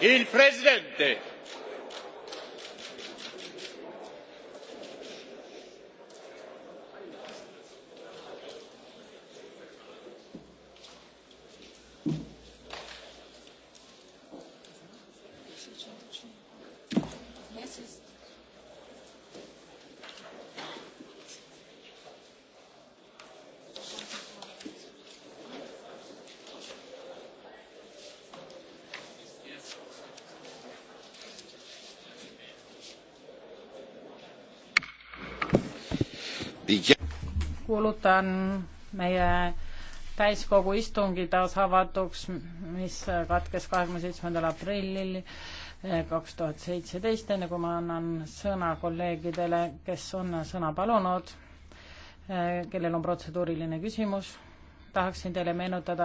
il presidente kuulutan meie täiskogu istungi taas avatuks, mis katkes kahekümne seitsmendal aprillil eh, kaks tuhat seitseteist, enne kui ma annan sõna kolleegidele, kes on sõna palunud, eh, kellel on protseduuriline küsimus, tahaksin teile meenutada